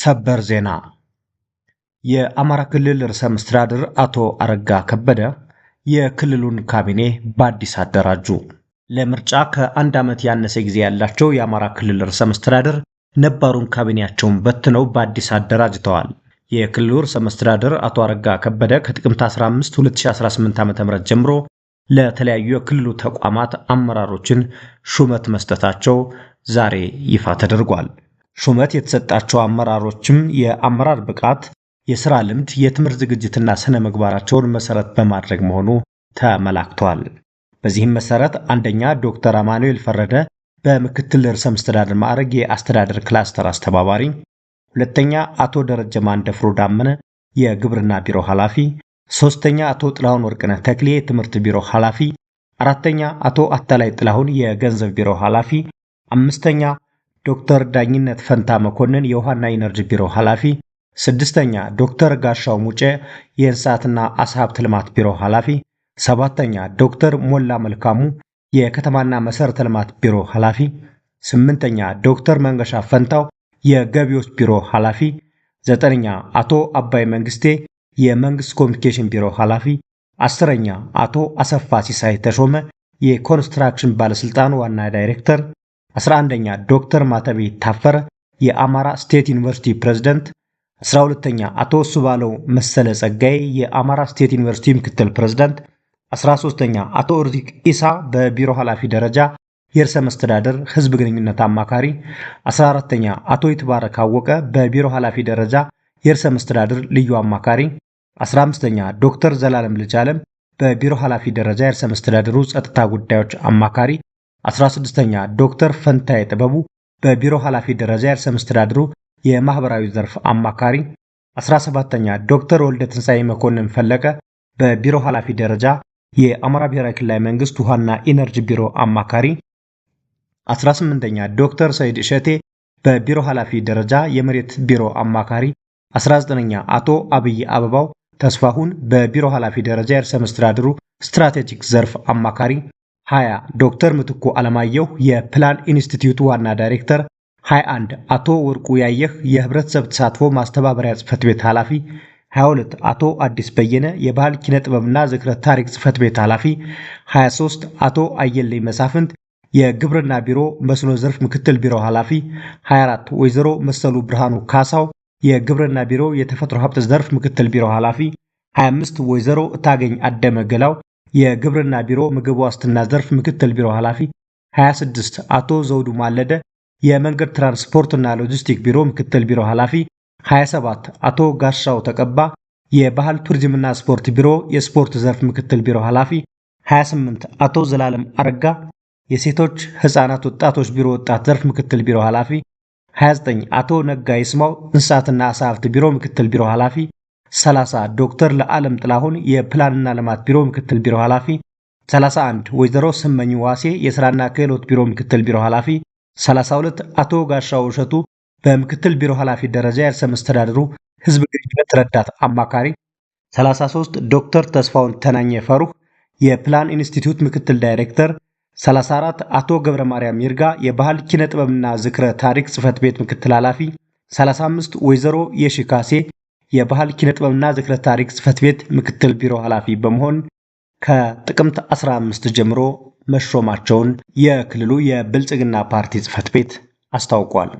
ሰበር ዜና የአማራ ክልል ርዕሰ መስተዳድር አቶ አረጋ ከበደ የክልሉን ካቢኔ በአዲስ አደራጁ። ለምርጫ ከአንድ ዓመት ያነሰ ጊዜ ያላቸው የአማራ ክልል ርዕሰ መስተዳድር ነባሩን ካቢኔያቸውን በትነው በአዲስ አደራጅተዋል። የክልሉ ርዕሰ መስተዳድር አቶ አረጋ ከበደ ከጥቅምት 15 2018 ዓ.ም ጀምሮ ለተለያዩ የክልሉ ተቋማት አመራሮችን ሹመት መስጠታቸው ዛሬ ይፋ ተደርጓል። ሹመት የተሰጣቸው አመራሮችም የአመራር ብቃት፣ የሥራ ልምድ፣ የትምህርት ዝግጅትና ሥነ ምግባራቸውን መሠረት በማድረግ መሆኑ ተመላክቷል። በዚህም መሠረት አንደኛ ዶክተር አማኑኤል ፈረደ በምክትል ርዕሰ መስተዳድር ማዕረግ የአስተዳደር ክላስተር አስተባባሪ፣ ሁለተኛ አቶ ደረጀ ማንደፍሮ ዳመነ የግብርና ቢሮ ኃላፊ፣ ሶስተኛ አቶ ጥላሁን ወርቅነህ ተክሌ የትምህርት ቢሮ ኃላፊ፣ አራተኛ አቶ አታላይ ጥላሁን የገንዘብ ቢሮ ኃላፊ፣ አምስተኛ ዶክተር ዳኝነት ፈንታ መኮንን የውሃና ኢነርጂ ቢሮ ኃላፊ፣ ስድስተኛ ዶክተር ጋሻው ሙጬ የእንስሳትና አሳ ሀብት ልማት ቢሮ ኃላፊ፣ ሰባተኛ ዶክተር ሞላ መልካሙ የከተማና መሰረተ ልማት ቢሮ ኃላፊ፣ ስምንተኛ ዶክተር መንገሻ ፈንታው የገቢዎች ቢሮ ኃላፊ፣ ዘጠነኛ አቶ አባይ መንግስቴ የመንግስት ኮሚኒኬሽን ቢሮ ኃላፊ፣ አስረኛ አቶ አሰፋ ሲሳይ ተሾመ የኮንስትራክሽን ባለስልጣን ዋና ዳይሬክተር 11ኛ ዶክተር ማተቤ ታፈረ የአማራ ስቴት ዩኒቨርሲቲ ፕሬዝደንት፣ 12ኛ አቶ ሱባለው መሰለ ጸጋይ የአማራ ስቴት ዩኒቨርሲቲ ምክትል ፕሬዝደንት፣ 13ኛ አቶ ርዚቅ ኢሳ በቢሮ ኃላፊ ደረጃ የእርሰ መስተዳደር ህዝብ ግንኙነት አማካሪ፣ 14ኛ አቶ ይትባረክ አወቀ በቢሮ ኃላፊ ደረጃ የእርሰ መስተዳድር ልዩ አማካሪ፣ 15ኛ ዶክተር ዘላለም ልጅ አለም በቢሮ ኃላፊ ደረጃ የእርሰ መስተዳድሩ ጸጥታ ጉዳዮች አማካሪ 16ኛ ዶክተር ፈንታዬ ጥበቡ በቢሮ ኃላፊ ደረጃ የርዕሰ መስተዳድሩ የማህበራዊ ዘርፍ አማካሪ 17ኛ ዶክተር ወልደ ትንሣኤ መኮንን ፈለቀ በቢሮ ኃላፊ ደረጃ የአማራ ብሔራዊ ክልላዊ መንግስት ውሃና ኢነርጂ ቢሮ አማካሪ 18ኛ ዶክተር ሰይድ እሸቴ በቢሮ ኃላፊ ደረጃ የመሬት ቢሮ አማካሪ 19ኛ አቶ አብይ አበባው ተስፋሁን በቢሮ ኃላፊ ደረጃ የርዕሰ መስተዳድሩ ስትራቴጂክ ዘርፍ አማካሪ ሀያ ዶክተር ምትኩ አለማየሁ የፕላን ኢንስቲትዩት ዋና ዳይሬክተር 21 አቶ ወርቁ ያየህ የህብረተሰብ ተሳትፎ ማስተባበሪያ ጽህፈት ቤት ኃላፊ 22 አቶ አዲስ በየነ የባህል ኪነ ጥበብና ዝክረ ታሪክ ጽህፈት ቤት ኃላፊ 23 አቶ አየለኝ መሳፍንት የግብርና ቢሮ መስኖ ዘርፍ ምክትል ቢሮ ኃላፊ 24 ወይዘሮ መሰሉ ብርሃኑ ካሳው የግብርና ቢሮ የተፈጥሮ ሀብት ዘርፍ ምክትል ቢሮ ኃላፊ 25 ወይዘሮ እታገኝ አደመ ገላው የግብርና ቢሮ ምግብ ዋስትና ዘርፍ ምክትል ቢሮ ኃላፊ 26 አቶ ዘውዱ ማለደ፣ የመንገድ ትራንስፖርትና ሎጂስቲክ ቢሮ ምክትል ቢሮ ኃላፊ 27 አቶ ጋሻው ተቀባ፣ የባህል ቱሪዝምና ስፖርት ቢሮ የስፖርት ዘርፍ ምክትል ቢሮ ኃላፊ 28 አቶ ዘላለም አረጋ፣ የሴቶች ሕፃናት ወጣቶች ቢሮ ወጣት ዘርፍ ምክትል ቢሮ ኃላፊ 29 አቶ ነጋ ይስማው፣ እንስሳትና አሳ ሀብት ቢሮ ምክትል ቢሮ ኃላፊ 30 ዶክተር ለዓለም ጥላሁን የፕላንና ልማት ቢሮ ምክትል ቢሮ ኃላፊ፣ 31 ወይዘሮ ስመኝ ዋሴ የስራና ክህሎት ቢሮ ምክትል ቢሮ ኃላፊ፣ 32 አቶ ጋሻው እሸቱ በምክትል ቢሮ ኃላፊ ደረጃ የርዕሰ መስተዳድሩ ህዝብ ግንኙነት ረዳት አማካሪ፣ 33 ዶክተር ተስፋውን ተናኘ ፈሩህ የፕላን ኢንስቲትዩት ምክትል ዳይሬክተር፣ 34 አቶ ገብረ ማርያም ይርጋ የባህል ኪነ ጥበብና ዝክረ ታሪክ ጽህፈት ቤት ምክትል ኃላፊ፣ 35 ወይዘሮ የሺካሴ የባህል ኪነጥበብና ዝክረ ታሪክ ጽህፈት ቤት ምክትል ቢሮ ኃላፊ በመሆን ከጥቅምት 15 ጀምሮ መሾማቸውን የክልሉ የብልጽግና ፓርቲ ጽህፈት ቤት አስታውቋል።